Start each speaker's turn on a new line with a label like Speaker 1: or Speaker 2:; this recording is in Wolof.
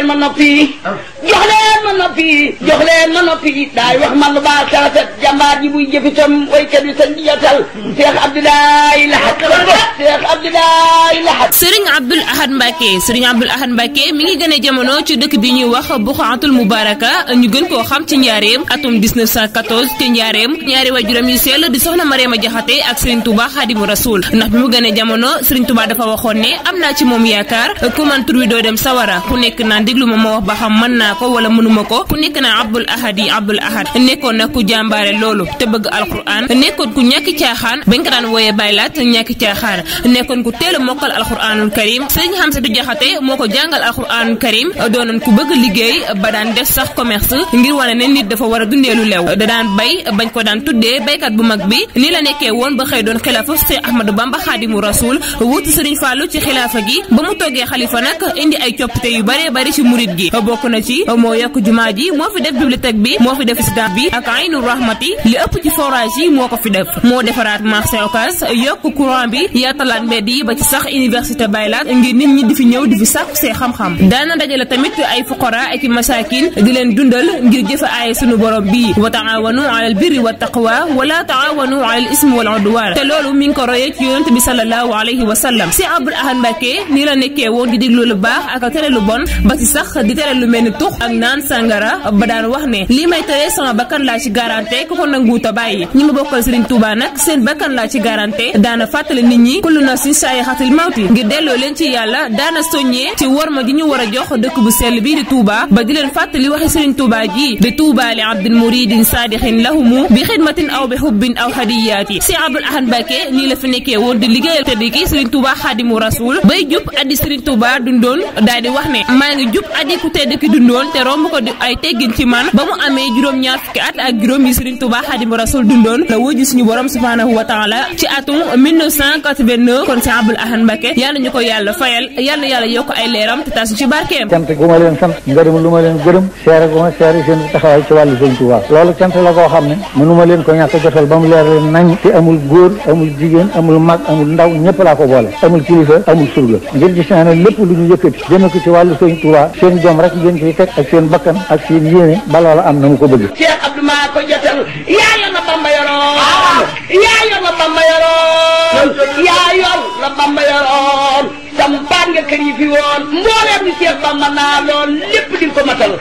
Speaker 1: leen ma noppi jox leen ma noppi jox leen ma noppi daay wax man lu baax tarafet jàmbaar ji buy jëfitam waykat yi sañ di jotal Cheikh Abdoulaye Lahat sëriñ Abdoul Ahad Mbacke sëriñ Abdoul Ahad Mbacke mi ngi gën a jamono ci dëkk bi ñuy wax Buxaatul Mubaraka ñu gën koo xam ci njaareem atum 1914 ci njaareem ñaari waajuram yu sell di soxna Mariama Jaxate ak sëriñ Touba Xaadimu Rasuul ndax bi mu gën a jamono sëriñ Touba dafa waxoon ne am naa ci moom yaakaar ku man tur wi doo dem sawara ku nekk naa déglu ma ma wax ba xam mën naa ko wala mënuma ko ku nekk naa Abdoul Ahad yi Abdoul Ahad nekkoon na ku jàmbaare loolu te bëgg alquran nekkoon ku ñàkk caaxaan bañ ko daan wooyee baylaat ñàkk caaxaan nekkoon ku teel a mokkal alxuraanul karim sëriñ Hamsatu Jaxate moo ko jàngal alxuraanul karim doonoon ku bëgg liggéey ba daan def sax commerce ngir wane ne nit dafa war a dundee lu lew da daan bay bañ ko daan tuddee baykat bu mag bi ni la nekkee woon ba xëy doon xilaafa Seex Ahmadu Bamba Xaadimu Rasuul wuutu sëriñ Fàllu ci xilaafa gi ba mu toggee xalifa nag indi ay coppite yu bare bari ci murit gi bokk na ci moo yokk jumaa ji moo fi def bibliothèque bi moo fi def stade bi ak aynu rahmati li ëpp ci forage yi moo ko fi def moo defaraat marché Ocass yokk courant mbedd yi ba ci sax université Baylat ngir nit ñi di fi wa taawanu alal birri wa taqwa wala te loolu mi ngi ko royee ci yonent bi sallallahu alayhi wa sallam si Abdul Ahad Mbacke nii la nekkee woon di déglu lu baax ak tere lu bon ba ci sax di tere lu mel ni tux ak naan sàngara ba daan wax ne lii may tere sama bakkan laa ci garanté ku ko nanguuta bàyyi ñi ma bokkal Serigne Touba nag seen bakkan laa ci garanté daana fàttali nit ñi si sayxatil mawti ngir delloo leen ci yàlla daana soññee ci worma ji ñu war a jox dëkk bu sell bi di Touba ba di leen fàttali waxi Sëriñ Touba ji di Touba li abdin muridin saadixin lahumu bi xidmatin aw bi xubbin aw hadiyaati si Abdul Ahad Mbàkke la fi nekkee woon di liggéeyal tëdd ki Sëriñ Touba xaadimu rasul bay jub addi Sëriñ Touba dundoon daal di wax ne maa ngi jub addi ku tedd ki dundoon te romb ko di ay teggin ci man ba mu amee juróom-ñaar fukki at ak juróom yi Sëriñ Touba xaadimu rasul dundoon la wóoju suñu borom subhaanahu wa taala nekkoon sa Abdoul Ahad Mbacké yal na ñu ko yàlla fayal yal na yàlla yokk ay leeram te tas ci barkeem
Speaker 2: sant gu ma leen sant ngërëm lu leen gërëm seere gu seere seen taxawaay ci wàllu sëñ Tuubaa loolu sant la koo xam ne mënu ma leen ko ñàkk jotal ba mu leer leen nañ te amul góor amul jigéen amul mag amul ndaw ñëpp laa ko boole amul kilifa amul surga ngir gis naa ne lépp lu ñu yëkkati jëme ko ci wàllu sëñ Tuubaa seen jom rek ngeen ciy teg ak seen bakkan ak seen yéene ba loola am na ko bëgg la bamba yoroon sa mbaat nga kër yi fi woon mbooleem ni Seex Bamba naa lool lépp di ko matal